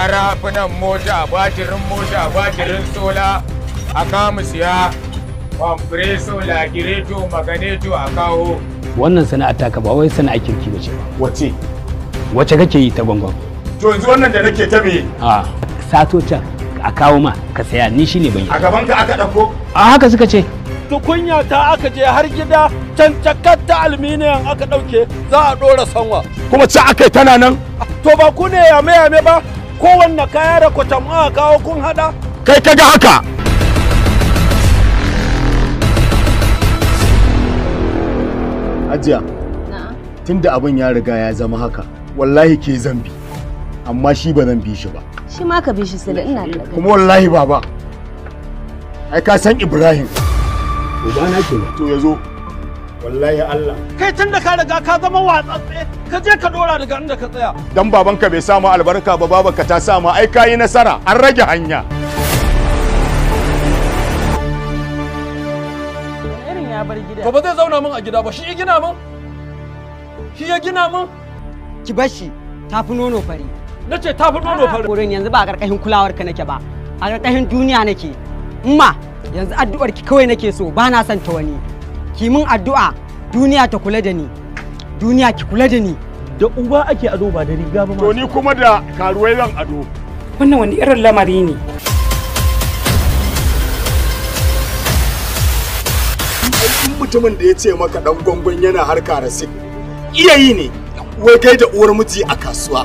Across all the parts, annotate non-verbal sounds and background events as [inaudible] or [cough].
karafunan mota batirin mota batirin sola a kamu siya kwamfureso lagireto maganeto a kawo wannan sana'a taka ba wai sana'a kirki ba ce wace wace kake yi ta gwangwan to yanzu wannan da nake ta me a sato can a kawo ma ka saya ni ne ban yi a gaban ka aka dauko a haka suka ce tukunya ta aka je har gida cancakar ta alminiyan aka dauke za a dora sanwa kuma ci aka tana nan to ba ku ne yame yame ba kowanne kaya da kwatam a kawo kun hada kai ka ga haka ajiya tunda abin ya riga ya zama haka wallahi ke zambi amma shi ba zan bi shi ba shi ma ka bi shi da ina da kuma wallahi baba ai ka san ibrahim ubana ke to ya zo wallahi Allah kai tun da ka riga ka zama watsatse ka je ka dora daga inda ka tsaya dan babanka bai samu albarka ba babanka ta samu ai kayi nasara an rage hanya To ba zai zauna min a gida ba, shi i gina min? Shi ya gina min? Ki bar shi, tafi nono fari. Na ce tafi nono fari. Koren yanzu ba a ƙarƙashin kulawar ka nake ba, a ƙarƙashin duniya nake. Umma, yanzu addu'ar ki kawai nake so, ba na son ta wani. ki min addu'a duniya ta kula da ni duniya ki kula da ni da uba ake ado ba da riga ba to ni kuma da karuwai zan ado wannan wani irin lamari ne in mutumin da ya ce maka dan gwangon yana harka da sik yi ne wai kai da uwar miji a kasuwa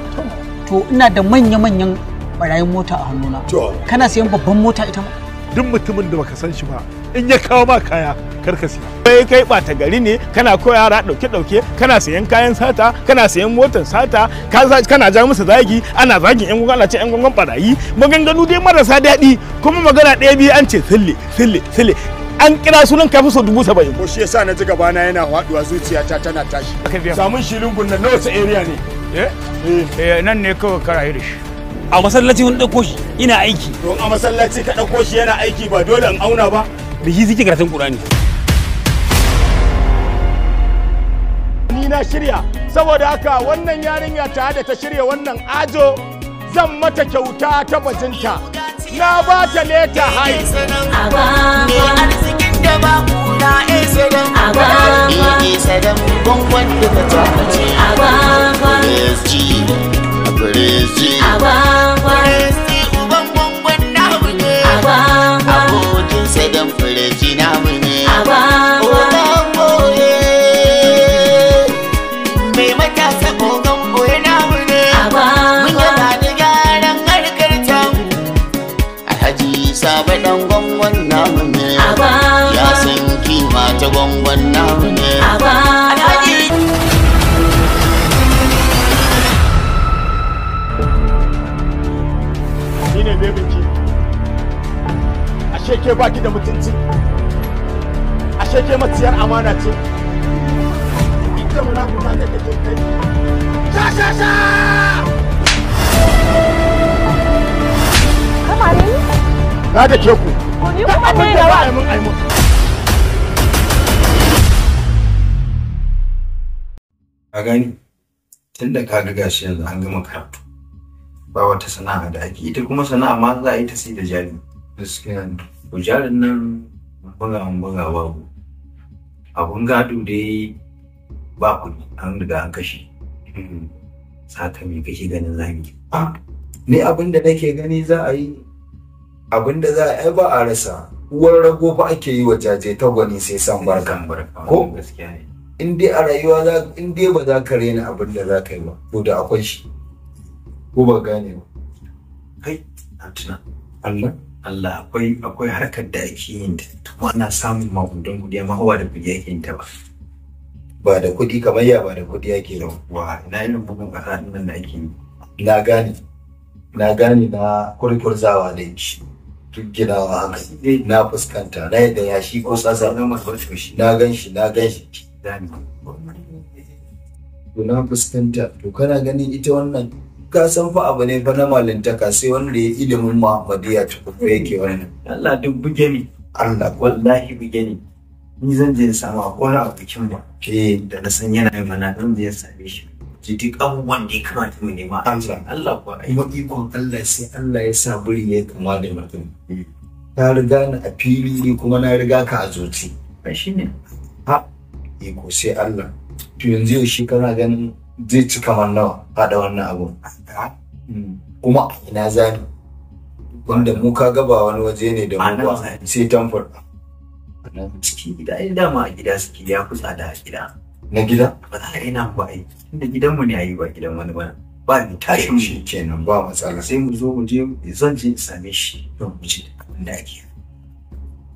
to ina da manya-manyan barayin mota a hannuna kana sayan babban mota ita ma. duk mutumin da baka san shi ba in ya kawo ba kaya karka siya kai kai bata gari ne kana koya yara dauke dauke kana sayan kayan sata kana sayan motar sata kana ja musu zagi ana zagin yan gungun ce yan gungun barayi maganganu dai marasa daɗi kuma magana ɗaya biyu an ce sille sille sille an kira sunan kafin so dubu saba'in. Ko shi yasa na ji gabana yana faduwa zuciyata tana tashi. Samun shirin gunna na wace area ne? Eh? Eh. eh? nan ne kawai karaye da shi. A masallaci wani dauko shi ina aiki. To a masallaci ka dauko shi yana aiki ba dole in auna ba. da shi suke karatun Qur'ani ni na shirya saboda haka wannan yarinya ta da ta shirya wannan ajo zan mata kyauta ta bajinta na ba ta ba ta tafi wannan furci ke ki da mutunci ashe ke maciyar amana ce ita munafuka ne take kai sha sha sha kamar ni na da ke ku ko ni kuma ne da ba aimun aimun a gani tun da ka ga gashi yanzu an gama karatu ba wata sana'a da ake ita kuma sana'a ma za a yi ta sai da jari gaskiya ne bujarin nan buga buga babu abun gado dai ba ku an riga an kashe hmm. saka me kake ganin zami ah, ni abin da nake gani za a yi abin da za a yi ba a rasa uwar rago fa ake yi wa jaje ta gwani sai san barka ko in dai a rayuwa za in dai ba za ka rena abin da za ka yi ba ko da akwai shi ko ba gane ba kai na tuna Allah Allah akwai akwai harkar da ake yin ta kuma ana samun makudan kudi amma ba da kuɗi ake yin ta ba ba da kuɗi kamar ya ba da kuɗi ake da wa ina yin bugun ƙasa nan da ake yi na gane na gane na kurkurzawa da shi duk ginawa haka na fuskanta na yadda ya shi ko shi na gan shi na gan shi na fuskanta to kana ganin ita wannan ka san fa abu ne fa na malintaka sai wanda ya ilimin Muhammadiyya tukuku yake wannan Allah duk buge ni Allah wallahi buge ni ni zan je samu a wani kin ba ke da na san yana yin mana zan je same shi ji duk abubuwan da ya kamata mu nema Allah Allah kuwa kuma ikon Allah sai Allah ya sa buri ya kama da mutum ta riga ni a fili ne kuma na riga ka a zuci ba ne. ha iko sai Allah to yanzu yau shi kana ganin zai ci kamar nawa faɗa wannan abu hmm. kuma a ina zani wanda mu ka gaba wani waje ne da mu sai tamfur cikin gida ai dama a gida suke ya fi tsada a gida na gida ba za a ina ba ai Inda gidanmu ne a yi ba gidan wani ba ba ni tashin shi kenan ba matsala sai mu zo mu je zan je same shi don mu ci da abin da ake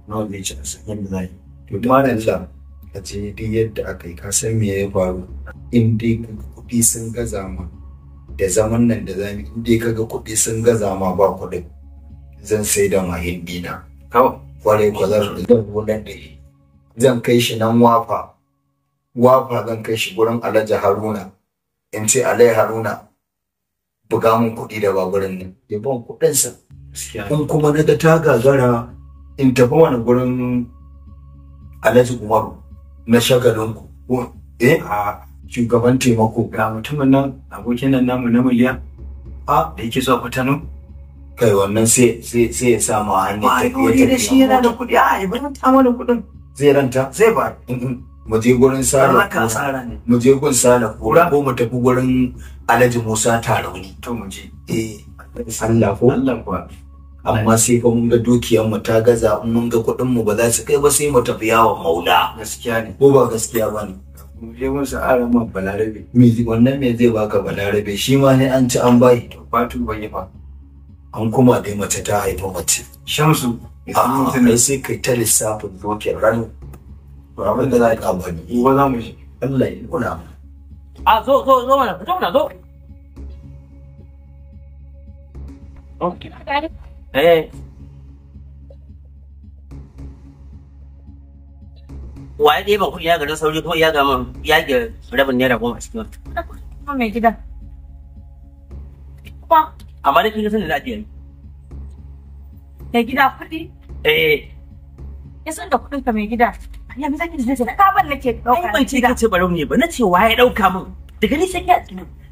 nawa zai ci a san da za yi to da a ce duk yadda aka yi kasan me ya faru in dai kuɗi sun gaza ma da zaman nan da zami in dai kaga kuɗi sun gaza ma ba kuɗin zan sai da mahin dina kawai kwarai ko zan zan da shi zan kai shi nan wafa wafa zan kai shi gurin alhaji haruna in ce alai haruna buga mun kuɗi da baburin nan ya ban kuɗinsa in kuma na ta gagara in tafi wani gurin alhaji umaru na shagalinku. Eh? A shugaban taimako ga mutumin nan abokin nan namu na miliyan. A da yake so fita nan Kai wannan sai sai sai ya samu a hanyar ta ko da shi yana da kuɗi a ibin ta mana kuɗin. Zai ranta? Zai ba. Mu je gurin Sala. Haka tsara ne. Mu je gurin Sala kura ko mu tafi gurin Alhaji Musa Tarauni. To mu je. Eh. Allah ko? Allah kuwa. amma sai fa mun ga dukiyar mu ta gaza mun ga kuɗin mu ba za su kai ba sai mu tafi yawo maula gaskiya ne ko ba gaskiya ba ne mu je mun sa'ara ma balarabe me wannan me zai baka balarabe shi ma ne an ci an bai fatu bai ba an kuma dai mace ta haifa mace shamsu a sai kai ta lissafin dukiyar ran ba mun da za ka bani ni ba za mu shi Allah ya kula a zo zo zo mana zo mana zo Okay. eh wa ya ɗeba kuɗi ya garin sauri kuma ya ga man ya ga rabin naira goma a cikin wata. Kuma mai gida. Amma da kinga sun da gida kuɗi? Eh. Ya san da kuɗin ka mai gida. Ya mi zaki da zai ce na nake ɗauka. Ai ban ce kace barau ne ba na ce wa ya min. Daga ni sai ka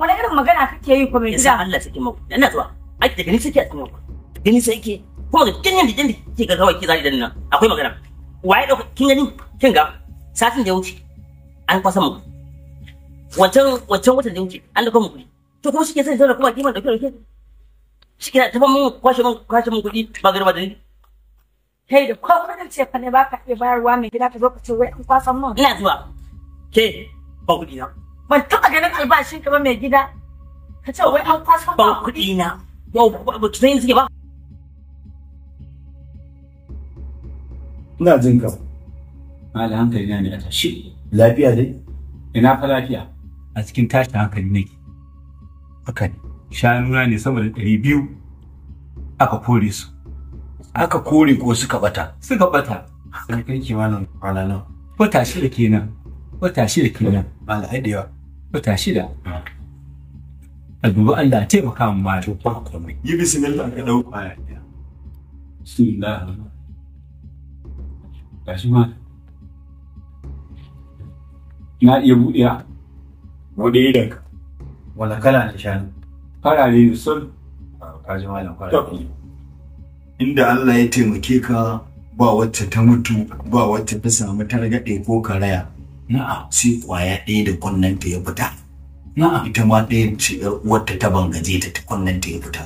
wani irin magana kake yi ko mai gida Allah saki mako ina zuwa ai da gani saki a cikin mako gani sai ke kuma ga kin yanda dinda ke ga kawai ke zai dinnan akwai magana waye dauka kin gani kin ga satin da wuce an kwasa mu wancan wancan watan da wuce an dauka mu kuɗi to kuma shike sai zauna kuma kiman dauke dauke shike ta fa mun kwashe mun kwashe mun kudi ba garba da ni kai da ko kudin ce fa ne ba ka iya bayarwa mai gida ka zo ka ce wai an kwasa mun ina zuwa ke ba kuɗi na ban taɓa ganin albashin ka ba mai gida ka ce wai an kwasan ba kuɗi na yau ba ki san suke ba ina jin ka ala hankali na ne a tashi lafiya dai ina fa lafiya a cikin tashin hankali nake haka ne shanuna ne sama da ɗari biyu aka kore su aka kore ko suka bata suka bata sai kai kimanin kwana nawa wata shida kenan wata shida kenan mala'ai da yawa wata shida a dubi Allah taimaka mu ma to ba komai yi bismillah ka dau kwaya ɗaya bismillah gashi ma na iya buɗiya buɗe idanka wani kala na shanu farare ne sun kaji malam farare inda Allah ya taimake ka ba wacce ta mutu ba wacce ta samu targaɗe ko karaya Na'am. Sai kwaya ɗaya da kunnanta ya fita. Na'am. Ita ma ɗaya ce ƴar uwarta ta bangaje ta ta kunnanta ya fita.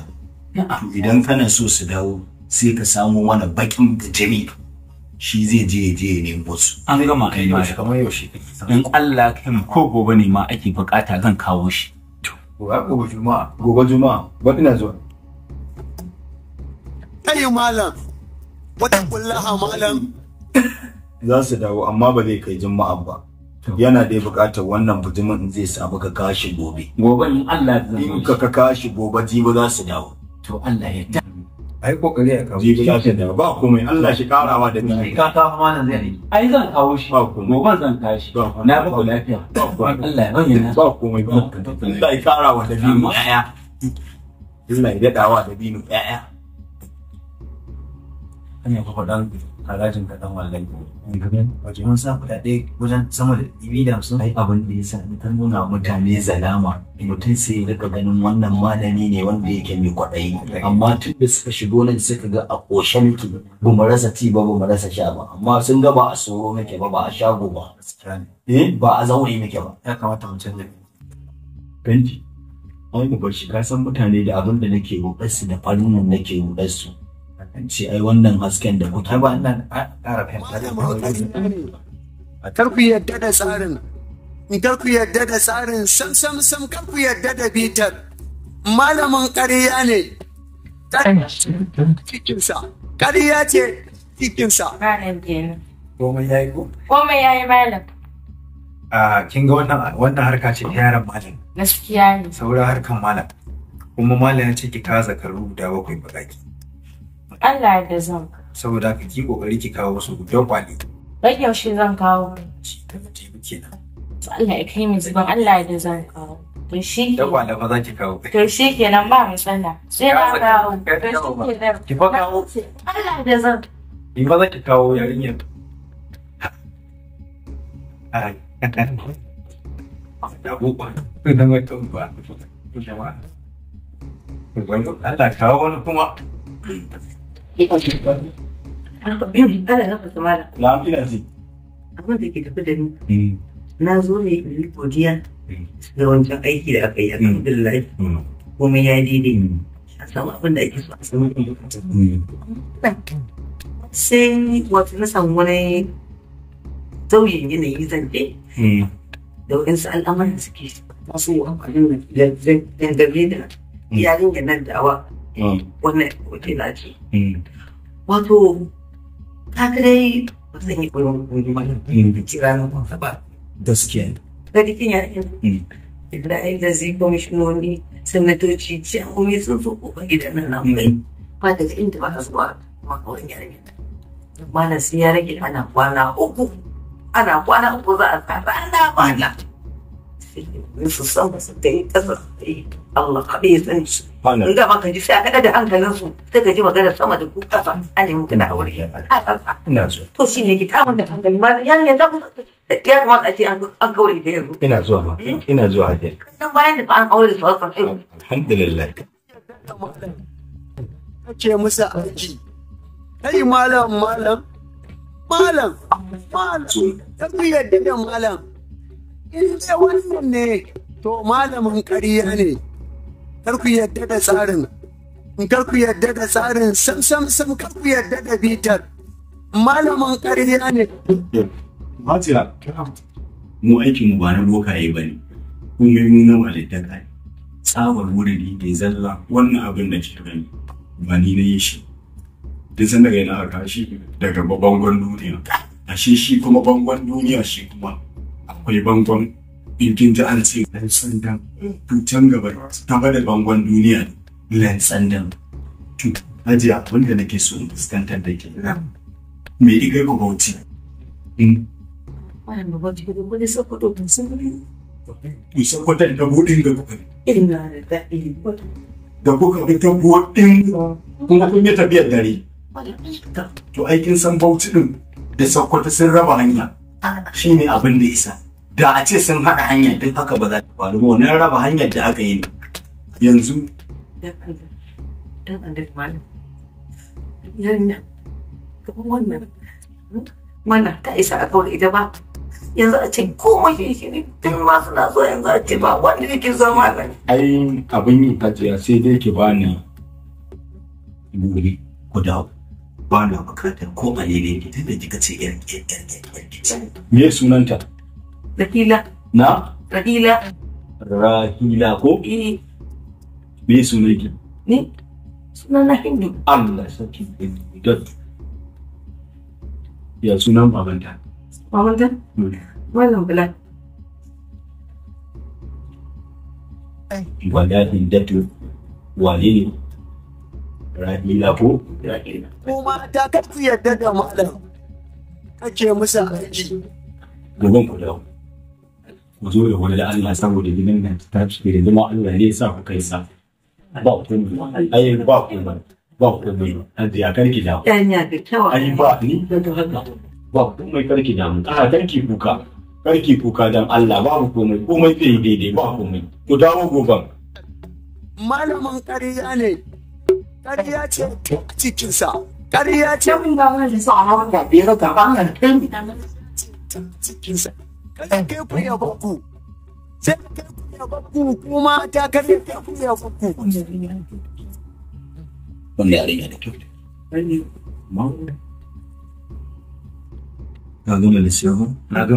Na'am. Idan kana so su dawo sai ka samu mana bakin gajimi. Shi zai je ya je ya nemo su. An gama kai yaushe kamar yaushe. In Allah kai ko gobe ne ma ake bukata zan kawo shi. Gobe Juma'a. Gobe Juma'a. Gobe ina zuwa. Ayi malam. Wata kullaha malam. Za su dawo amma ba zai kai Juma'a ba. yana da buƙatar wannan bujumin in zai samu ka kashi gobe gobe in Allah ya in ka ka kashi gobe jibi za su dawo to Allah ya ta ai kokari ya kawo jibi za su dawo ba komai Allah shi karawa da ni ka ta ma nan zai ai zan kawo shi gobe zan kashi na ba lafiya Allah ya bayyana ba komai ba Allah ya karawa da ni ya. Allah ya dawa da ni yaya hanya ko dan harajin kaɗan wallahi wajen sa kuɗaɗe wajen sama da ɗibi da hamsin ai abin da ya sa ta nuna mutane zalama mutum sai ya rika ganin wannan malami ne wanda yake mai kwaɗayi amma tun da suka shigo nan suka ga a ƙoshe muke ba mu rasa ci ba ba mu rasa sha ba amma sun ga ba a tsoro muke ba ba a shago ba Eh, ba a zaure muke ba ya kamata mu canza fenti an mu bar ka san mutane da abin da nake ruɗar su da farin nan nake ruɗar su in ce ai wannan hasken da kuke ba nan a ƙara fahimta da a tarku yadda da tsarin kar ku yadda da tsarin sam sam sam kar ku yadda da bitar malamin ƙarya ne cikinsa ƙarya ce cikinsa komai ya yi ko komai ya yi malam a kin ga wannan wannan harka ce ta yaran malam gaskiya ne saura harkan malam kuma malam ya ce ki kaza zakaru guda bakwai bakaki Allah da zan. Saboda haka ki kokari ki kawo su guda kwali. Ran yaushe zan kawo. Shi ta mace muke nan. Allah ya kai mu zuban Allah da zan kawo. To shi. Da kwala fa za ki kawo. To shi kenan ba matsala. Sai ba kawo. To shi kenan. Ki fa kawo. Allah da zan. Ki fa za ki kawo yarinyar. Ai. Đã vụ từ năm người tôi và tôi sẽ mà. Mình quên lúc đã là cháu không Ana na fasa mala. Na'am ina ji. Abin da ke tafi da ni. Na zo ne in yi godiya ga wancan aiki da aka yi a kan billahi. Komai ya daidai. A samu abin da ake so a samu. Sai wato na samu wani sauyin yanayi zan je. Da wani waɗansu al'amuran suke masu amfani da dangane da iyalin da na dawa. Eh. wannan waje na ce eh. wato ta kadai ba zan yi koyon koyi mana kira na kwanza ba gaskiya eh. ga dikin ya yi da ai zo ko ba gidan nan na mai mm. ba da inda ba zuwa makawar yarinya malam sai ya rage ana kwana uku kwana za a tsara ana kwana sai su ta yi kasa ta yi Allah kaɗai ya tsare shi. In ga maka ji sai a kaɗa da hankalinsu sai ka ji magana sama da kuka fa a nemi kana aure. Ina so. To shi ne ki tamun da hankali ma ya ne ta ya kamata a ce an kaure da yanzu. Ina zuwa ma hmm? ina zuwa hajji. Dan bayan da ba an aure da su akan Alhamdulillah. Kace musa aji. Kai malam malam. Malam, malam, ta yadda malam, in dai wannan ne, to malamin ƙarya ne. kar ku yarda da tsarin kar ku yarda da tsarin sam sam sam kar ku yarda da bitar malamin ƙarya ne Matiya, mu aikin mu ba na bokaye ba ne, kun yi nuna walittaka kai tsawar wuriri da zalla wannan abin da ke gani ba ni na yi shi. Duk san daga yana aka shi daga bangon duniya, shi shi kuma bangon duniya shi kuma akwai bangon bilgin ta an ce lantsandan tutan gaba ta da bangon duniya lantsandan to hajiya abin da nake so in fuskantar da ke me igai ba bauchi Wayan babban jirgin wani sakwato ban san wani. Isan kwatar da buɗin gaba. kuka. Ina da daɗi. Da kuka bi ta buɗin kuma kun yi tafiyar dare. To aikin san bauti ɗin da sakwata sun raba hanya. Ah. Shi ne abin da isa. da a ce sun haka hanyar duk haka ba za ta faru ba wannan raba hanyar da aka yi yanzu dan yarinya mana ta isa a kawai ita ba yanzu a ce komai shi ne tun ma suna so yanzu a ce ba wanda yake zama nan ai abin yi hajiya sai dai ke ba ni guri ko ba na bukatar ko ne ki da kika ce yan yan yan me sunanta Rahila. Na? Rahila. Rahila ko? Eh. Me suna ki? Ni? Suna na Hindu. Allah saki Hindu. Ya sunan babanta? Babanta? Hmm. Malam Bilal. Wala Hindatu. Wane ne? Rahila ko? Rahila. Kuma ta kasu da malam. Kake musa aiki. Gaban ku dawo. ku zo da wani Allah saboda gidan nan ta tashi da zama Allah ne sa ku kai sa ba ku ai ba ku ba ba ku ne an da karki da yanya da kyau ai ba ni da ba ku mai karki da mu a karki kuka karki kuka dan Allah babu komai komai zai daidai ba komai ku dawo goban malamin ƙarya ne ƙarya ce ta cikinsa ƙarya ce mun ga wani sa a b'a biyar gaban kan cikinsa kada kai ku ya bakku sai kai ku kuma ta da kyau na na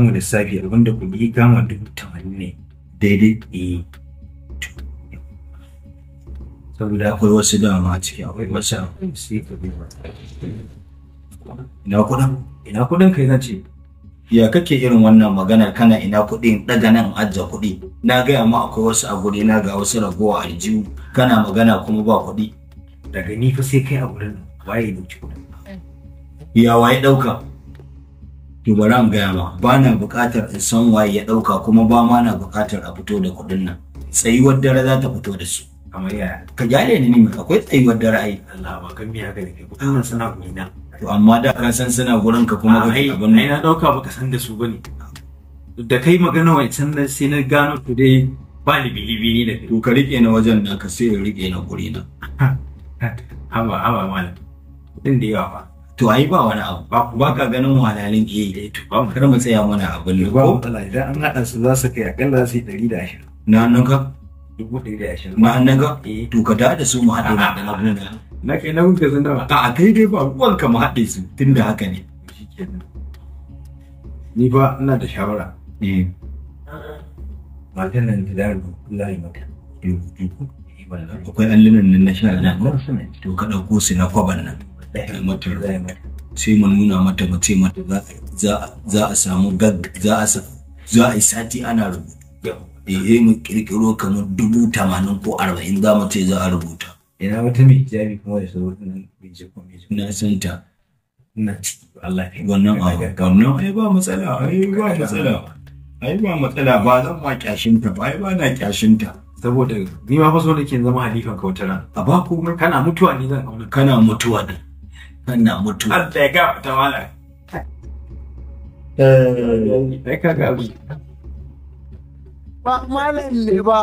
abinda ku yi gama dubu tamanin ne daidai eh saboda akwai wasu dama a ciki akwai wasu sai ka ba ina kudin ina kudin kai ce ya kake irin wannan magana kana ina kuɗin daga nan ajiye kuɗi na gaya ma akwai wasu a guri na ga wasu ragowa aljihu kana magana kuma ba kuɗi daga ni fa sai kai a gurin waye dauki kuɗin ya waye ɗauka to bari mu gaya ma ba na buƙatar in san waye ya ɗauka kuma ba ma na buƙatar a fito da kuɗin nan tsayuwar dare za ta fito da su kamar ya ka jale ni ne akwai tsayuwar dare ai Allah ba kan miya ga ne ba kana sana gurina to amma da ka san suna gurin ka kuma ka abin nan na dauka baka san da su bane da kai magana wai san nan sai na gano to dai ba ni bilibi ni da to ka rike na wajen da ka sai rike na guri na [laughs] haba haba malam din da yawa ba to ai ba wani abu ba ka ganin wahalalin eh to ba kar mu tsaya mana abin ne ko idan an hada su za su kai akalla su 120 na nan ka dubu ɗari da ashirin. Ma'an nan ga? Eh. To ka da su mu haɗe da abin da. na kai na kuka zan dawa a kai dai ba ruwan ka mu haɗe su tun da haka ne ni ba ina da shawara eh matan nan da daren mata eh, akwai allunan nan na sha na to ka ɗauko su na kwaban nan sai mu nuna mata mu ce mata za a samu gag za a za a yi sati ana rubuta eh, eh mu kirkiro kamar dubu tamanin ko arba'in za mu ce za a rubuta ina wata mai jami kuma da su wannan mai jikon mai jikon na san ta na ciki Allah ya wannan a wannan ai ba matsala ai ba matsala ai ba matsala ba zan ma kyashin ta ba ai ba na kyashin ta saboda ni ma fa so nake zama halifan ka wata a ba ku kana mutuwa ni zan auna kana mutuwa ne kana mutuwa Allah ya ga ta wala eh ai ga ba malam ne ba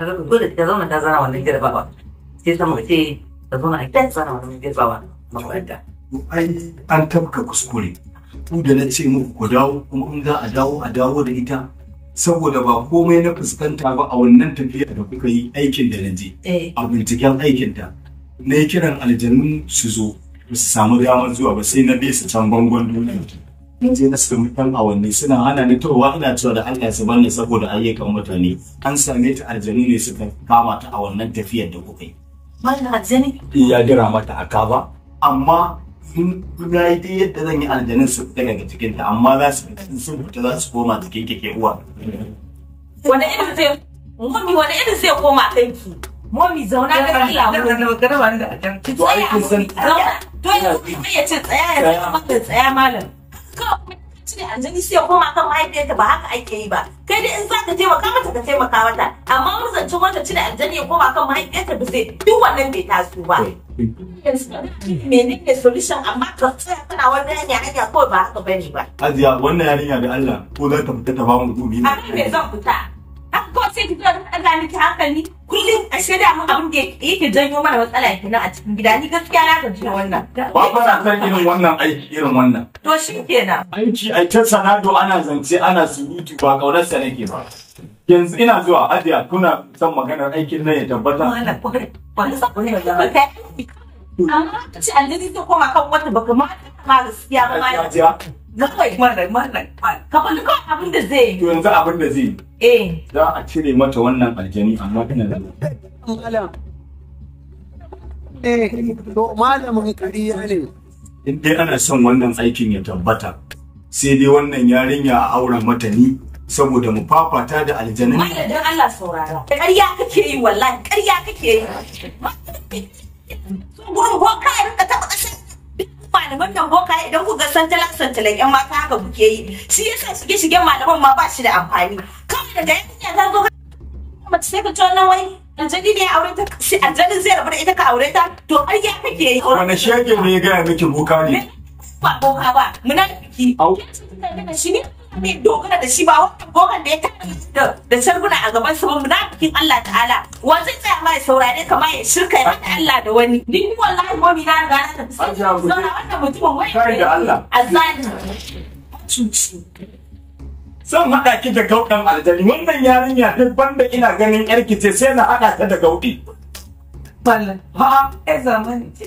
kaga ta zana wannan sai sama ce zana wannan ai an tabka kuskure ku da na ce muku ku dawo kuma in za a dawo a dawo da ita saboda ba komai na fuskanta ba a wannan tafiya da kuka yi aikin da na je eh. a binciken aikin ta na kiran aljanu su zo su samu damar zuwa ba sai na su can bangon duniya in je na sami awanni suna hana ni towa ina cewa da Allah su bani saboda ayyukan mutane an same ta aljani ne suka kama ta a wannan tafiyar da kuka yi. aljani? Ya gira mata a kaba. Amma kuna yi dai yadda zan yi aljanin su fita cikin ta amma za su fita sun fita za su koma cikin ke uwa. Wani irin zai mami wani irin zai koma kanki? Mami zauna ga Allah wani. Zauna. To ya ce tsaya ya tsaya malam. kawai kuma ci ne aljani sai kuma kan mahaifiyarta ba haka ake yi ba kai dai in za ka taimaka mata ka taimaka mata amma mun zance wanda cire ne aljani ya koma kan mahaifiyarta ba zai duk wannan bai taso ba menene solution amma ka tsaya kana wannan hanya hanya kawai ba haka bane ba aziya wannan yarinya da Allah ko za ta fita ta ba mu dumi ne a me zan fita ko sai ki tura ka ɗaga miki hankali kullum a shirya mu abin da yake janyo mana matsala ya kenan a cikin gida ni gaskiya na gaji da wannan. Ba fa na san irin wannan aiki irin wannan. To shi kenan. Aiki ai ta sanado ana zance ana surutu ba ƙaunarsa nake ba. yanzu ina zuwa ajiya kuna son maganar aikin nan ya tabbata. Amma ta ce alheri ta koma kan wata baka ma ta ma gaskiya ma. na kai malam malam ka faɗi ko abin da zai yi yanzu abin da zai eh za a cire mata wannan aljani amma kana da malam eh to malamin kariya ne in dai ana son wannan aikin ya tabbata sai dai wannan yarinya a aura mata ni saboda mu fafata da aljanin malam dan Allah saurara ƙarya kake yi wallahi ƙarya kake yi ko ka rinka malaman nan ya idan kuka san santalan santalan yan mata haka kuke yi shi yasa shige shige malaman ma ba shi da amfani kawai daga yanya ta zo ka sai ka tona wannan wai aljani ne aure ta shi aljani zai rabu da ita ka aure ta to har ya kake yi wani shege ne ya gaya miki boka ne ba boka ba munafiki au shi ne mai dogara da shi ba wannan gogon da ya tare da da sarguna a gaban sa ba munafikin Allah ta'ala wa zai tsaya ma ya saurare kama ya shirka ya hada Allah da wani ni wallahi momi na riga na tafi saura wannan mutumin wai kai da Allah azali zan haɗa ki da gauɗan aljani wannan yarinya duk banda ina ganin yarki ce sai na haɗa ta da gauɗi. Wallah. Ha? Ai zamani ce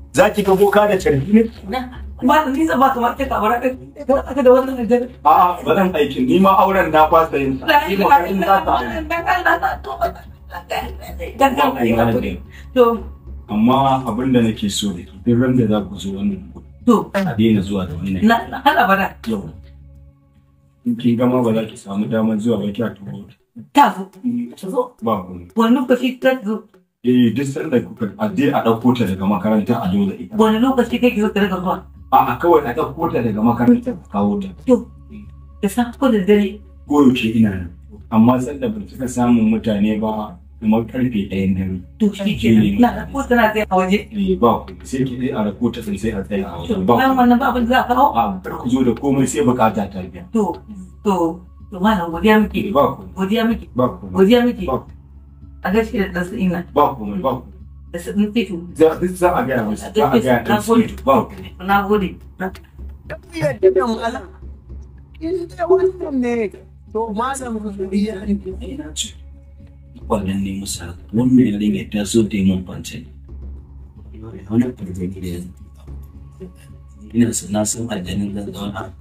za ki ga boka da carbi ne ba ta nisa ba kamar ta kamar ka da wannan hajjar a ba zan aikin ni ma auren na kwasa yin sa ni ma in za ta to amma abin da nake so da duk ran da za ku zo wannan to a daina zuwa da wani na hala bada yau in kin gama ba za ki samu damar zuwa ba ki a tuwo ta zo ta zo ba ku wani lokaci ta zo eh duk sanda kuka a je a ɗauko ta daga makaranta a zo da ita wani lokaci kake so ta daga zuwa a kawai a ɗauko ta daga makaranta ka ta to da safe ko da dare ce ina nan amma sanda ba cika samu mutane ba kamar karfe ɗayan dare to shi ke na ko tana tsaye a waje ba sai ki dai a rako ta sai a tsaye a waje ba wannan ba abin da za a kawo a ku zo da komai sai bukata ta biya to to to malam godiya miki eh, ba godiya miki godiya miki Agashi does ina. Baku mai baku. Duk za a gaya musu. Za a gaya ta su baku. Na gode. Tafiyar da yan malam. In dai wannan ne to malam ya ina ce. Wannan ne musa wannan yarinya ta so ta yi mun kwance. Wani fargani da yanzu. Ina so na san aljanin zan zauna.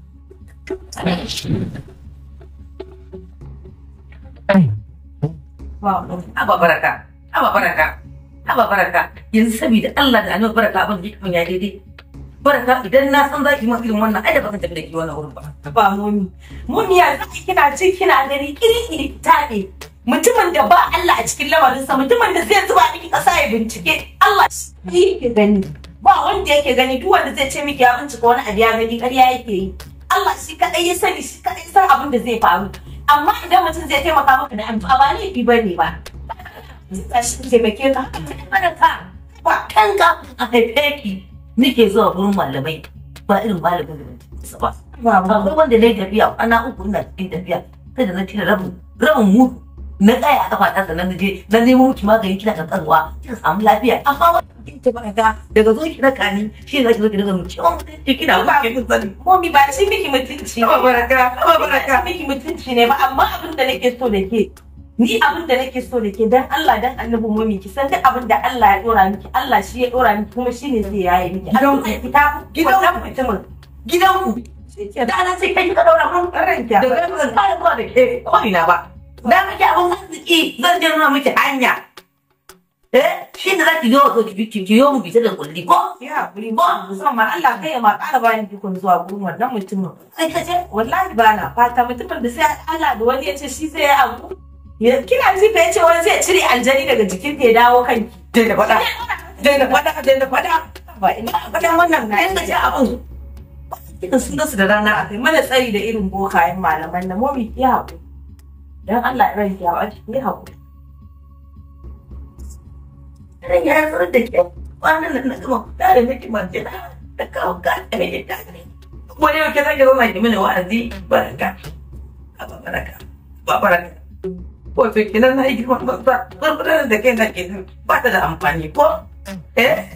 ba aba baraka aba baraka aba baraka yanzu sabida Allah da annabi baraka abin da ya daidai baraka idan na san zaki ma irin wannan ai da bazan tafi da ki wannan wurin ba ba mami mami ya kina ci kina gani kiri kiri tabe mutumin da ba Allah a cikin lamarinsa mutumin da zai zuba miki kasa ya bincike Allah shi yake gani ba wanda yake gani duk wanda zai ce miki ya bincika wani abu ya gani ƙarya yake yi Allah shi kadai ya sani shi kadai san abin da zai faru amma idan mutum zai taimaka maka da a ba laifi ba ne ba tashi taimake ka mana ka ba kanka a haife ki nake zuwa gurin malamai ba irin malamin da ba ba wanda ne tafiya ana uku ina cikin tafiya sai da na tira rabin rabin mudu na tsaya a kafa ta nan je na nemo miki magani kina kankanuwa kika samu lafiya amma wani kin ta baka daga zo ki raka ni shi ne zaki zo ki daga mutunci on ki kina ba ki sani momi ba shi miki mutunci ba baraka ba baraka miki mutunci ne ba amma abin da nake so ne ke ni abin da nake so ne ke dan Allah dan annabi momi ki san duk abin da Allah ya dora miki Allah shi ya dora miki kuma shi shine zai yaye miki gidan ku ta gidan mutumin gidan ku da ana sai kai ka daura mun ranka da ran ka da ke ko ina ba na miki abin arziki zan je nuna miki hanya eh shi ne za ki yo ki ki yo mu bita da kulli ko ya kulli ko musamman Allah kai ma ƙara bayan dukun zuwa gurin wannan mutumin sai ka ce wallahi ba na fata mutumin da sai Allah da wani ya ce shi sai ya abu kina ji fa ce wani zai cire aljani daga jikin ya dawo kan dai da fada dai da fada dai da fada ba ina fadan wannan na inda ji abin kina sunan su da rana a kai mana tsari da irin bokayen malaman na momi ya haƙuri don Allah ran ki wace ki haƙuri ran ya zo da ke kwanan nan na gama kuta da ma mace da kawo ka ya da tare wani yau ke zaki zama mai mini wa'azi baraka ba baraka ba baraka Ko wato kenan na yi girman ba ba da kai na ke ba ta da amfani ko eh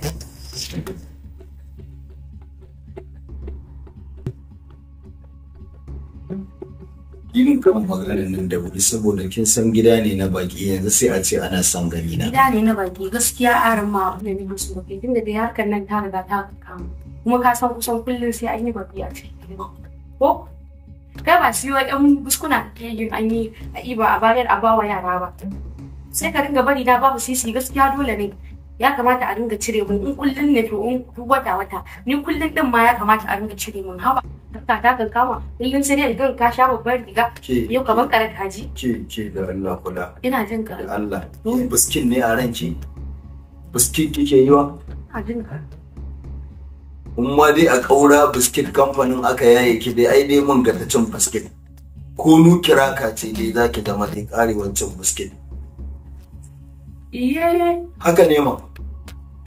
yin kan maganar nan da wuri saboda kin san gida ne na baki yanzu sai a ce ana son gani na gida ne na baki gaskiya aran ma abu ne mai su baki tunda da harkar nan ta riga ta kama kuma ka san kusan kullum sai an yi baki a cikin ko kai ba su yi wa yan buskuna kake yin an yi a iba a bayar a bawa yara ba sai ka ringa bari na babu sisi gaskiya dole ne ya kamata a ringa cire mun in kullum ne to in wata wata ni kullum din ma ya kamata a ringa cire mun hawa ka ta kan kama rigan sai dai ka sha babban riga yau kamar karat haji ce ce da Allah kula ina jin ka Allah biskin ne a ranci biskit kike yi wa a jin ka in ma dai a ƙaura biskit kamfanin aka yaye ki dai ai dai mun gata cin biskit ko nu kira ka ce dai za ki zama dai ƙarewar cin biskit haka ne ma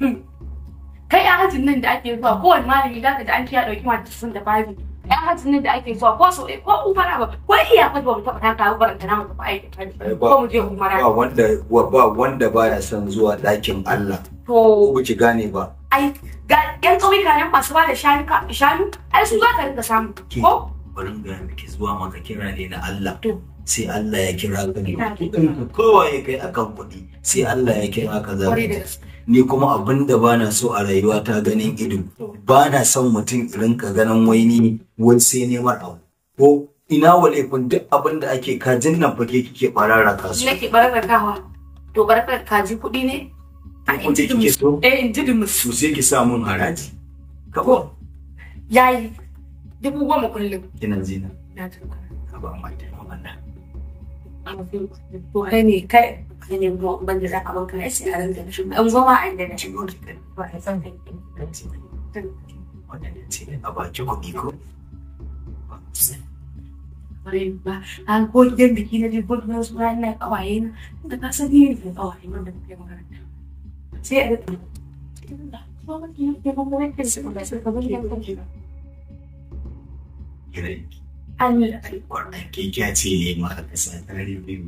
hmm. kai a hajjin nan da ake zuwa kowane malami za ka ji an ce ya ɗauki mata sun da babi 'yan hajjin da ake zuwa ko so ko umara ba ko iya ba mu taɓa taka ba ta namu tafi aiki ko mu je umara ba wanda ba wanda baya son zuwa ɗakin Allah to ba ki gane ba ai ga ƴan ƙauyuka nan masu ba da shanuka shanu ai su za ka rinka samu ko bari mu ga miki zuwa maka kira ne na Allah sai Allah ya kira ka ne kowa ya kai akan kuɗi sai Allah ya kira ka za ka ni kuma abin da ba na so a rayuwa ta ganin ido ba na son mutum irin ka ganin waini wani sai neman abu ko ina wa laifin duk abin da ake kajin nan fage kike barara su. nake kawa to barkar kaji kuɗi ne a inji kike so eh inji dumu to sai ki sa mun haraji ko. yayi dubu goma kullum ina zina na tuka ka ba amma ta wannan to kai ne kai يعني بندر أبغى كذا شيء أنا كذا شو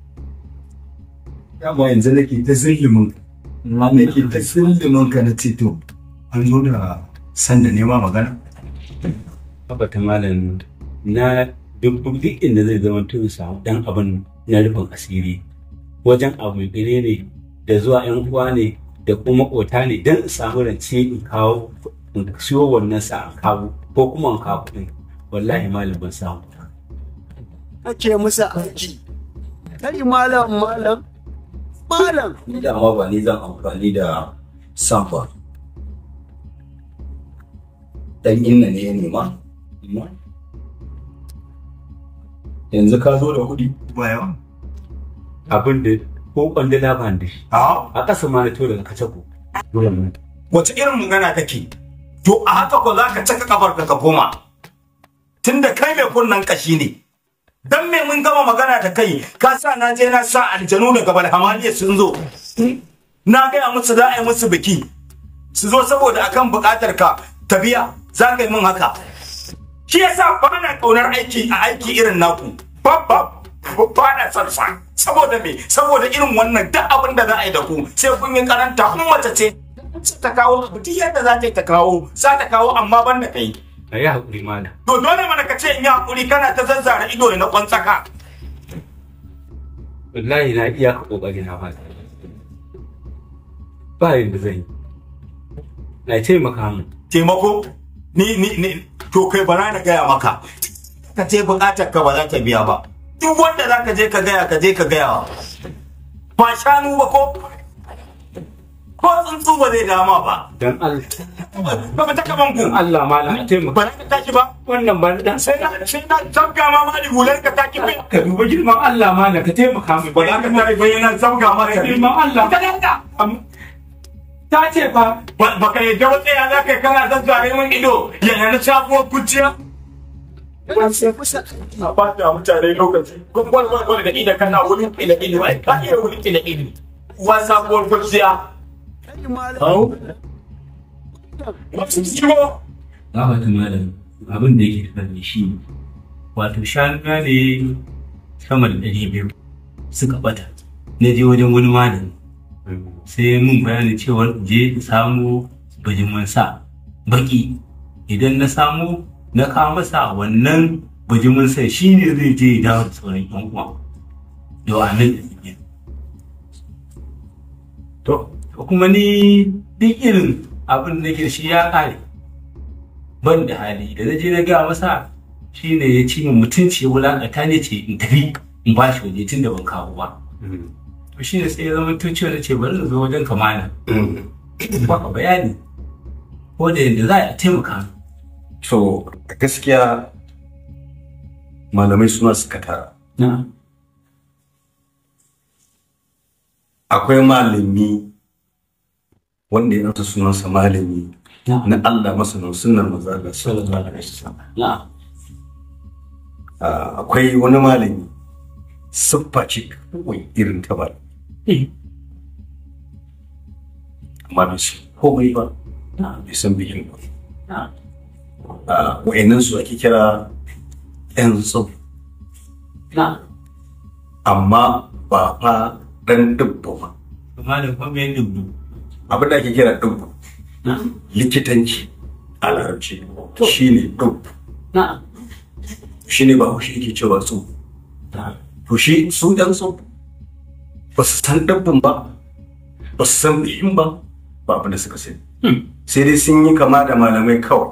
dama yanzu nake ta zillimin nake ta zillimin ka na to an zo da sanda nema magana ta malam na duk inda zai zama tun samu dan abin na rufin asiri wajen abu gire ne da zuwa yan uwa ne da kuma makota ne dan samu rance in kawo in siyo wannan sa kawo ko kuma in kawo kuɗin wallahi malam ban samu ake musa aiki kai malam malam malam da ma ni zan amfani da dan inna ne ya nema yanzu ka zo da kuɗi bayan abin da ko kwande na ban da a ƙasa ma na tura ka cako wace irin magana kake to a haka ko za ka caka kafar ka koma tunda kai mai kunnan kashi ne dan me mun gama magana da kai ka sa na je na sa aljanu daga hamaliya sun zo na gaya musu za a yi musu biki su zo saboda akan buƙatar ka tabiya za ka yi min haka shi yasa ba na ƙaunar aiki a aiki irin naku babba ba na son sa saboda me saboda irin wannan duk abin da za a yi da ku sai kun yi karanta kuma mace ce ta kawo duk yadda za ta kawo za ta kawo amma ban da kai na yi haƙuri mana to dole mana ka ce in yi haƙuri kana ta zazzara ido na tsaka. wallahi na iya ƙoƙari na fata ba yadda zan yi na taimaka mu taimako ni ni ni to kai bara na gaya maka ka ce buƙatar ka ba za ta biya ba duk wanda za ka je ka gaya ka je ka gaya ba shanu ba ko ko tsuntsu ba zai dama ba dan Allah ba ba ta kaban ku Allah malam a taimaka ba ka tashi ba wannan ba dan sai na sai na zabga ma ma hular ka ta taki bai ka duba girman Allah malam ka taimaka mu ba ka tashi ba yana zabga ma ka girman Allah ta danda ta ce fa ba ka yadda wata ya za ka kana zazzare min ido yana na shafuwar kuciya na bata mutane lokaci gwangwan gwangwan da ina kana wani ina ina ba ka iya wani ina ina wasa gwangwan kuciya Hau? Ba su ji ba. Za ka tuma abin da yake tafiya da shi wato shanuwa ne sama da ɗari biyu suka ɓata. Na je wajen wani malami sai mun bayanin cewar je samo bijimin sa baki idan na samo na kawo masa wannan bijimin sa shi ne zai je da sauran yan uwa. Yau a nan da To, kuma ni duk irin abin da nake shi ya kare ban da hali da na je na ga masa shine ya ci min mutunci ta ne ce in tafi in ba shi waje tunda ban kawo ba mm-hmm. to shine sai ya zama tunci cewa ce bari zo wajen kamana mm-hmm. ba ka bayani ko da yadda za a taimaka to gaskiya malamai suna suka tara akwai malami wanda ya amsa sunansa malami na Allah masanin sunnar manzo Allah sallallahu alaihi wasallam ah, akwai wani malami siffa ce kawai irin ta ba eh. amma ba su komai ba bai san bikin ba ah, wa'annan su ake kira 'yan tsofi amma ba fa ɗan dubba ba. Amma da kuma dubba. abin da ake kira dub likitanci a larabci shi ne dub shi ne ba shi yake cewa su to shi su dan su ba su san dabbin ba ba su san bihin ba ba abin da suka sai hmm. sai dai sun yi kama da malamai kawai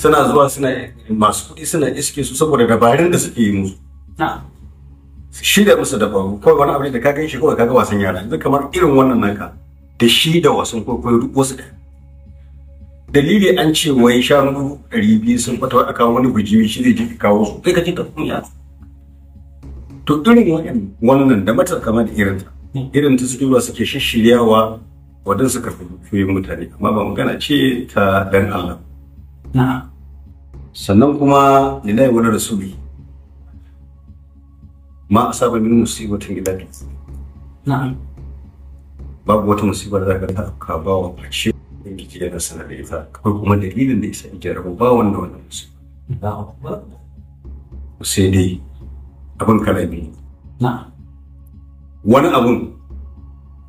suna zuwa suna masu kuɗi suna iske su saboda dabarun da suke yi musu shi da musu dabaru kawai wani abu da ka gan shi kawai kaga wasan yara yanzu kamar irin wannan naka da shi da wasan kwaikwayo wasu ɗaya dalili an ce wai shanu ɗari biyu sun fata a kawo wani bujimi shi zai je kawo su kai ka ce ka kunya to irin wannan da matar kama da irin ta irin ta suke suke shishiryawa waɗansu suka fi mutane amma ba magana ce ta dan Allah sannan kuma lillahi wani rasuli ma asaba min musibatin ila na'am babu wata musibar da ta ka ba wa fashe da kike yana sanar da ita akwai kuma dalilin da isa ike rabu ba wanda wannan musibar sai dai abin kalami na wani abun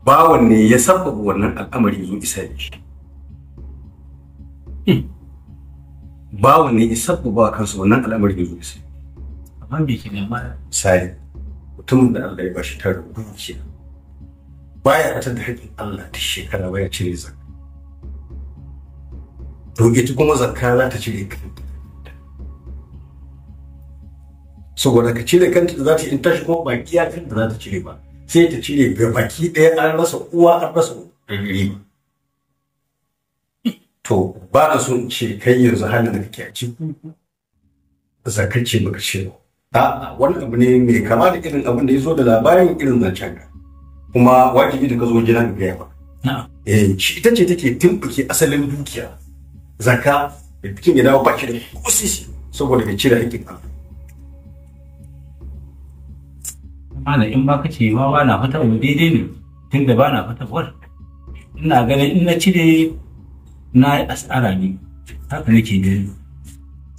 bawan ne ya sabbaba wannan al'amari zo isa da shi hmm. bawan ne ya sabbaba kansa wannan al'amari zo isa amma bai ke nema sai mutum da Allah ya bashi tare da baya fitar da haƙƙin Allah duk shekara baya cire zakka to ita kuma zakka za ta cire kanta saboda ka cire kanta da za ta in tashi kuma baki ya kanta za ta cire ba sai ta cire ga baki ɗaya an rasa uwa an rasa riba to ba na so ce kai yanzu halin da kake a ciki zakka ce baka ce ba a'a wani abu ne mai kama da irin abin da ya zo da labarin irin zancen ka kuma wajibi da ka zo gida ka gaya ba eh shi ita ce take tumfuke asalin dukiya zaka da bikin ya dawo baki da kusisi saboda bai cire hakkin ka mana in ba ka ce wa ba na fata wa daidai ne tun da ba na fata war ina ganin in na cire na yi asara ne haka nake gani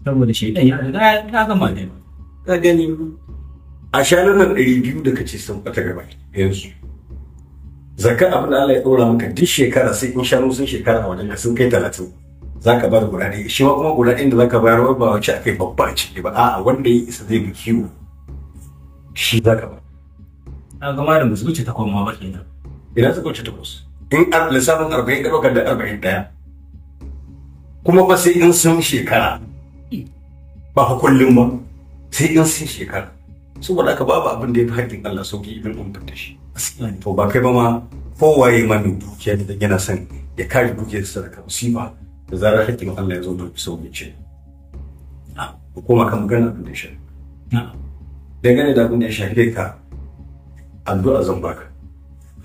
saboda shaidan ya ga ya gama da ka gani a shalunan ɗari biyu da kace sun fata gaba yanzu zakar abin da Allah ya ɗora maka duk shekara sai in shanu sun shekara a wajen ka sun kai talatin za ka ba da shi ma kuma gurare inda da za ka bayar wa ba wace akai babba ce ba a'a wanda ya isa zai bi kiwo shi za ka ba. An gama da musu ta takwas ma ba kenan. Ina suka ta takwas. In lissafin arba'in ka ɗaukar da arba'in ɗaya. Kuma ba sai in sun shekara. Ba kullum ba. Sai in sun shekara. saboda aka babu abin da ya fi haƙƙin Allah sauƙi idan an fita shi to ba kai ba ma kowaye ma mai dukiya da yana son ya kare dukiyar sa daga musiba da zarar haƙƙin Allah ya zo da sauƙi ce ku koma kan magana abin da ya shafi dangane da abin da ya shafi ka addu'a zan baka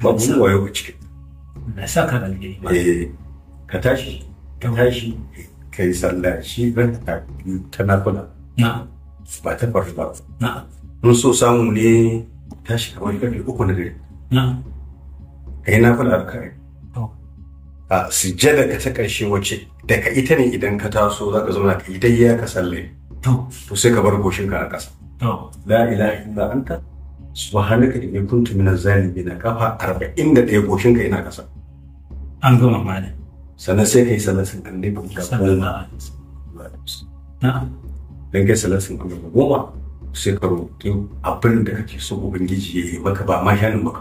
babu wayo a cikin na sa ka alheri eh ka tashi ka tashi yi sallah shi ban ta na kula na ba ta faru ba Na. mun so samu ne tashi kamar karfe uku na dare kai na fara kai a sujjada ka ta karshe wace daga ita ne idan ka taso za ka zauna ka yi dai ka salle to sai ka bar goshin ka a ƙasa la ilaha illa anta subhanaka inni kuntu minaz zalimin kafa 41 goshin ka yana ƙasa an gama mali. sannan sai ka yi salatin annabi ga goma na'am dan kai salatin annabi goma sai ka roƙi abin da kake so ubangiji ya yi maka ba ma shanin maka.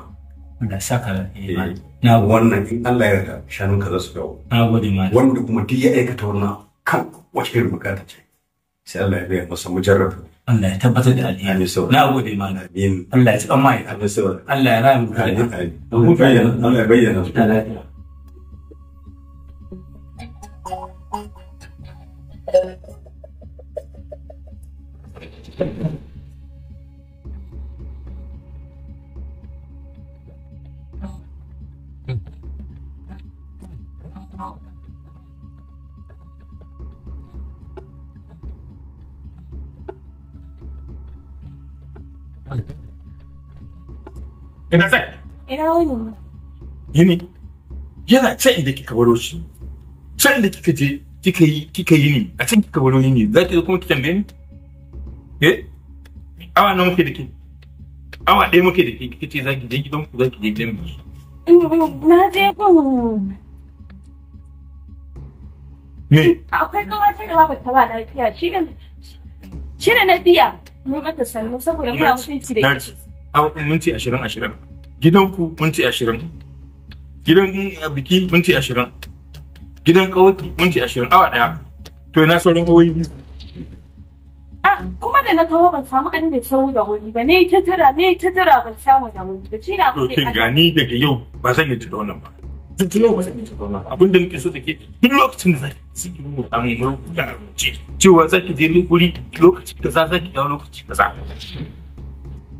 Allah saka eh, na wannan in Allah ya yarda shanun ka za su dawo na gode ma wanda kuma duk ya aikata wannan kan wace irin bukata ce sai Allah ya bayar masa mujarrab Allah ya tabbatar da alheri na gode ma amin Allah ya tsama ya Allah ya raya mu Allah ya bayyana Allah ya bayyana dawo Yini? Yana can da kika baro shi. kika je kika yi kika yi a can kika baro yini za ki kuma ki tambaye ni? Eh? Awa na muke da ke? Awa ɗaya muke da ke kika ce za ki je gidan ku za ki je gidan Na je kun. Me? Akwai kawata da babu ta ba lafiya shi ne shi ne na biya. Mun mata sannu saboda muna mutunci da ita. Awa minti ashirin ashirin. gidanku minti ashirin gidan biki minti ashirin gidan kawai minti ashirin awa daya to ina sauran awoyi biyu ah, kuma da na kawo ban samu an da sau da wuri ba ne ta tara ne ta tara ban samu da wuri ba shi na kuma gani daga yau ba zan yi ta wannan ba duk yau ba zan yi abin da nake so take duk lokacin da zaki siki mu a mu rubuta cewa zaki je wuri lokaci kaza zaki dawo lokaci kaza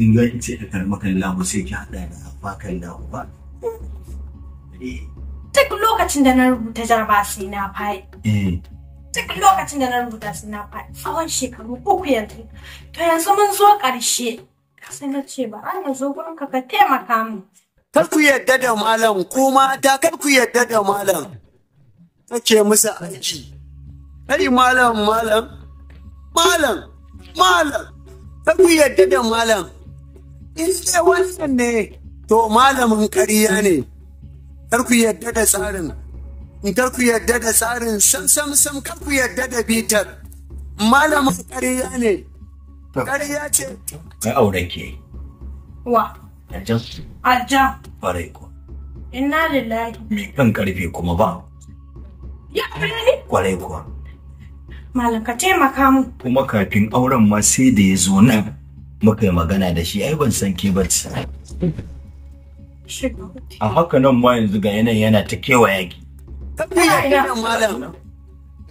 in yi in ce da karmakan lamu sai ki haɗa da afakan lahu ba. Eh. Duk lokacin da na rubuta jaraba sai na faɗi. Eh. Duk lokacin da na rubuta sai na fai. tsawon shekaru uku yanzu. To yanzu mun zo ƙarshe. Sai na ce ba an zo gurin ka ka taimaka mu. Kar ku yadda da malam kuma ta kar ku yadda da malam. Kake musu aiki. Kai malam malam. Malam. Malam. Kar ku yadda da malam. in sai wannan ne to malamin ƙarya ne kar ku yadda da tsarin kar ku yadda da tsarin sam sam sam kar ku yadda da bitar malamin ƙarya ne ƙarya ce kai auren ke wa ajan ajan bare ko inna lillahi me kan karfe kuma ba ya ne kwarai kuwa malam ka taimaka mu kuma kafin auren ma sai da ya zo nan muka yi magana da shi ai ban san ke ba a haka nan ma yanzu ga yanayi yana ta kewaya ki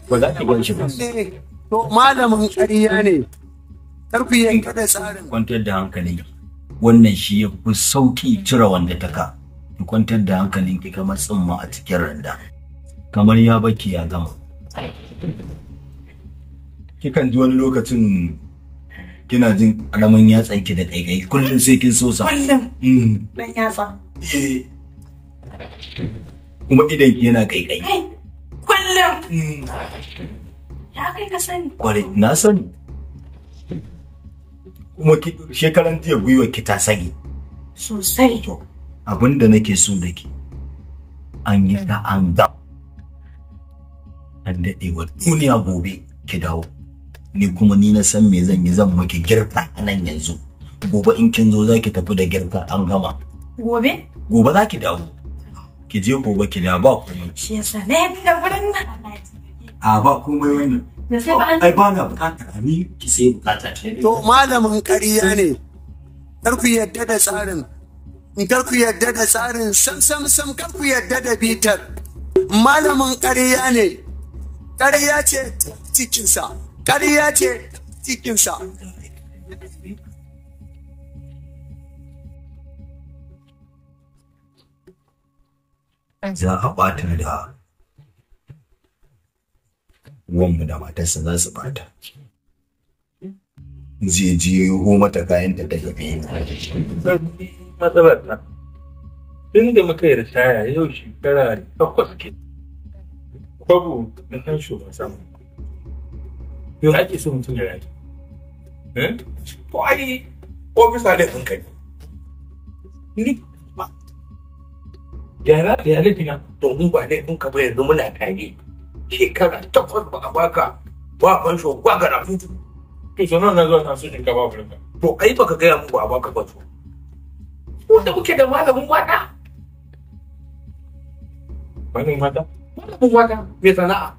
ba za ki gwanci ba to malamin ƙarya ne ƙarfi ya da tsarin kwantar da hankali wannan shi ya fi sauki cire wanda ta ka ki kwantar da hankalin ki kamar tsumma a cikin randa kamar ya baki ya gama kikan ji wani lokacin kina jin karamin yatsan ki da kaikai kullum sai kin so sa kullum mm. dan yatsa eh. kuma idan ki yana kaikai kullum mm. ya kai ka sani kwarai na sani kuma shekaran jiya gwiwa ki ta sani sosai to abinda nake so da ki an yi ta an da an daɗewar duniya gobe ki dawo ni kuma ni na san me zan yi zan maki girka a nan yanzu gobe in kin zo zaki tafi da girka an gama gobe gobe zaki dawo ki je gobe ki na ba komai shi yasa na yi da wurin nan a ba komai wannan ai ba na bukata ni ki sai bukata to malamin ƙarya ne kar ku yadda da tsarin kar ku yadda da tsarin sam sam sam kar ku yadda da bitar malamin ƙarya ne ƙarya ce cikinsa ƙarya ce cikinsa za a ɓata da wanmu da matarsa za su ɓata zai ji ho mata kayan da ta gabe matsalar nan tun da muka yi ritaya yau shekara takwas ke kwabo na kan shugaban samu yo ake so mutum ya rayu eh? to ai ofisa da hankali ni ba yara da yare dina to mun ba ne, ka ba yanzu muna tare shekara takwas ba a baka ba fansho ba garafu to sanar na zuwa tasu shinkafa afirka to ai baka gaya mu ba a baka ba to wanda kuke da malamin mata malamin mata malamin wata mai sana'a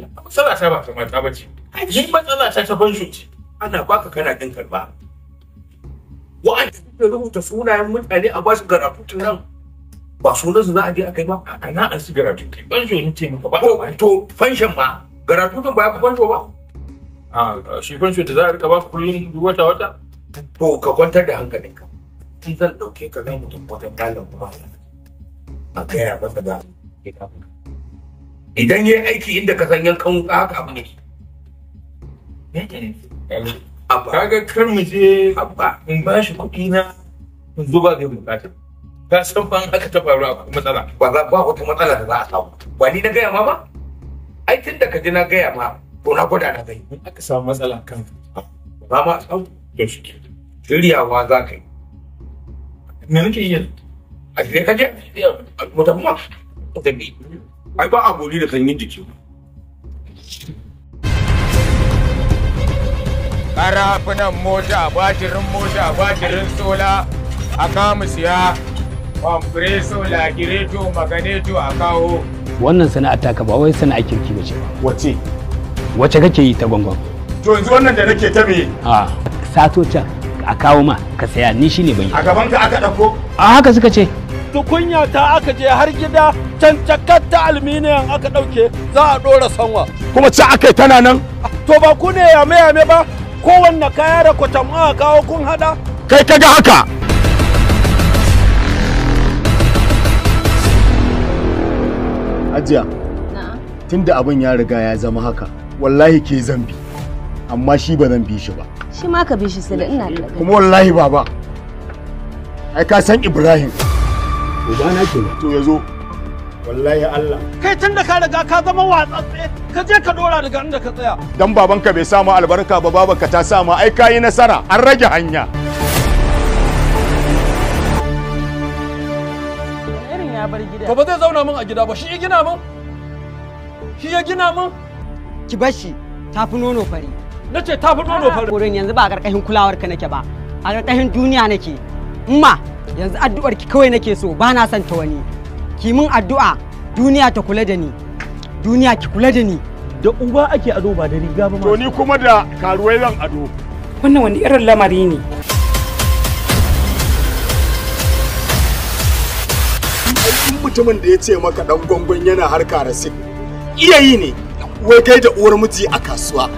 matsala ta ba ta mata ba ce ni matsala ta ta fansho ce ana baka kana kin karba wa'anda suke rubuta sunayen mutane a basu garatutun nan ba sunan su za a je a kai ba a na an su garatun kai fansho ne ce maka ba to fanshon ma. garatutun ba ya fi fansho ba a shi fansho da za a rika ba kullum wata wata to ka kwantar da hankalinka in zan dauke ka zan mutum wajen malam kuma a gaya masa da ya kafa idan yayi aiki inda ka san yankan haka abu ne kaga kar mu abba in ba shi na in zuba zai bukata ka san fa haka ta faru a matsala ba za ba da za a samu ba ni na gaya ma ba ai da ka na gaya ma na gwada na in aka samu matsala kan ba ma da shi ke shiryawa za ka yi me nake yi yanzu a shirya tafi tafi ai ba a boli da sanyin jiki karafunan mota batirin mota batirin sola a kamu siya sola, lagireto maganeto a kawo wannan sana'a taka ba wai sana'a kirki ba ce ba wace wace kake yi ta gwangwan to yanzu wannan da nake ta me a sato can a kawo ma ka saya ni shi ne ban yi a gaban ka aka dauko a haka suka ce tukunya ta aka je har gida cancakar ta alminiyan aka ɗauke za a ɗora sanwa kuma ci aka yi tana nan ah, to ba ku ne yame yame ba kowanne kaya da kwatan a kawo kun hada kai kaga haka ajiya tunda abin ya riga ya zama haka wallahi ke zambi amma shi ba zan bi shi ba shi ma ka bi shi sai ina kuma wallahi baba ai ka san ibrahim ubana ke to ya zo wallahi Allah kai tun da ka riga ka zama watsatse ka je ka dora daga inda ka tsaya dan babanka bai samu albarka ba babanka ta samu ai kayi nasara an rage hanya irin to ba zai zauna min a gida ba shi ya gina min shi ya gina min ki bar shi tafi nono fari na nace tafi nono fari yanzu ba a ƙarƙashin kulawarka nake ba a ƙarƙashin duniya nake ma yanzu addu'ar ki kawai nake so ba na son ta wani. Ki min addu'a duniya ta kula da ni. Duniya ki kula da ni. Da uba ake ado ba da riga ba ma. To ni kuma da karuwai zan ado. Wannan wani irin lamari ne. In mutumin da ya ce maka dan gwangwan yana harka da sik iya yi ne wai kai da uwar miji a kasuwa.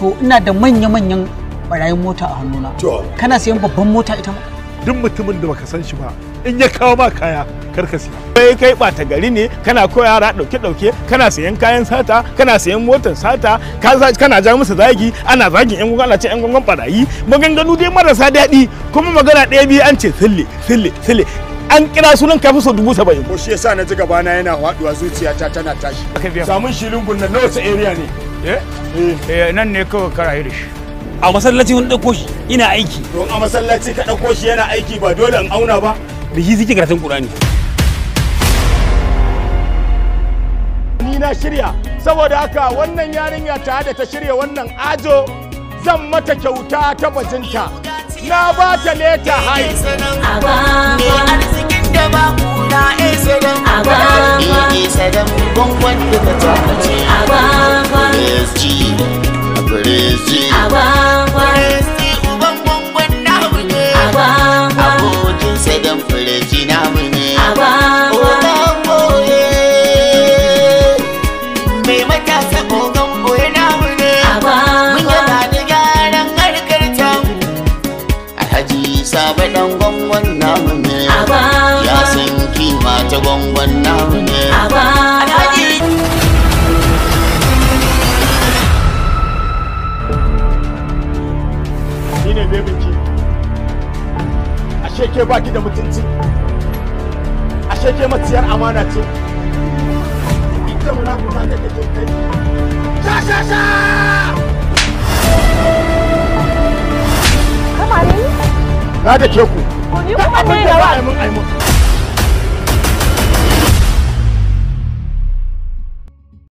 To ina da manya-manyan barayin mota a hannuna. To. Kana sayan babban mota ita ma? duk mutumin da baka san shi ba in ya kawo ma kaya kar ka siya kai kai bata gari ne kana ko yara dauke dauke kana sayan kayan sata kana sayan motar sata kana ja musu zagi ana zagin yan gungun ana ce yan gungun barayi maganganu dai marasa daɗi kuma magana ɗaya biyu an ce sille sille sille an kira sunan kafin so dubu saba'in. Ko shi yasa na ji gabana yana faduwa zuciyata tana tashi. Samun shirin gunnan na wace area ne? Eh? Eh, eh nan ne kawai karaye da shi. a masallaci wani ɗauko shi ina aiki don a masallaci ka ɗauko shi yana aiki ba dole in auna ba da shi suke karatun ƙurani ni na shirya saboda haka wannan yarinya tare da ta shirya wannan ajo zan mata kyauta ta bajinta na ba ta leta hai firiji agwagwa firiji uban gwangwan namu ne agwagwa abokin sadan firiji namu ne agwagwa ogan boye mai matasa ogan boye namu ne agwagwa mun yana da gyaran harkar tamu alhaji sabon gwangwan namu ne agwagwa ya san kima ta gwangwan namu ke ba ki da mutunci ashe ke maciyar amana ce ita munafuka da take kai sha sha sha kamar ni na da ke ku ko ni kuma ne da ai mun ai mun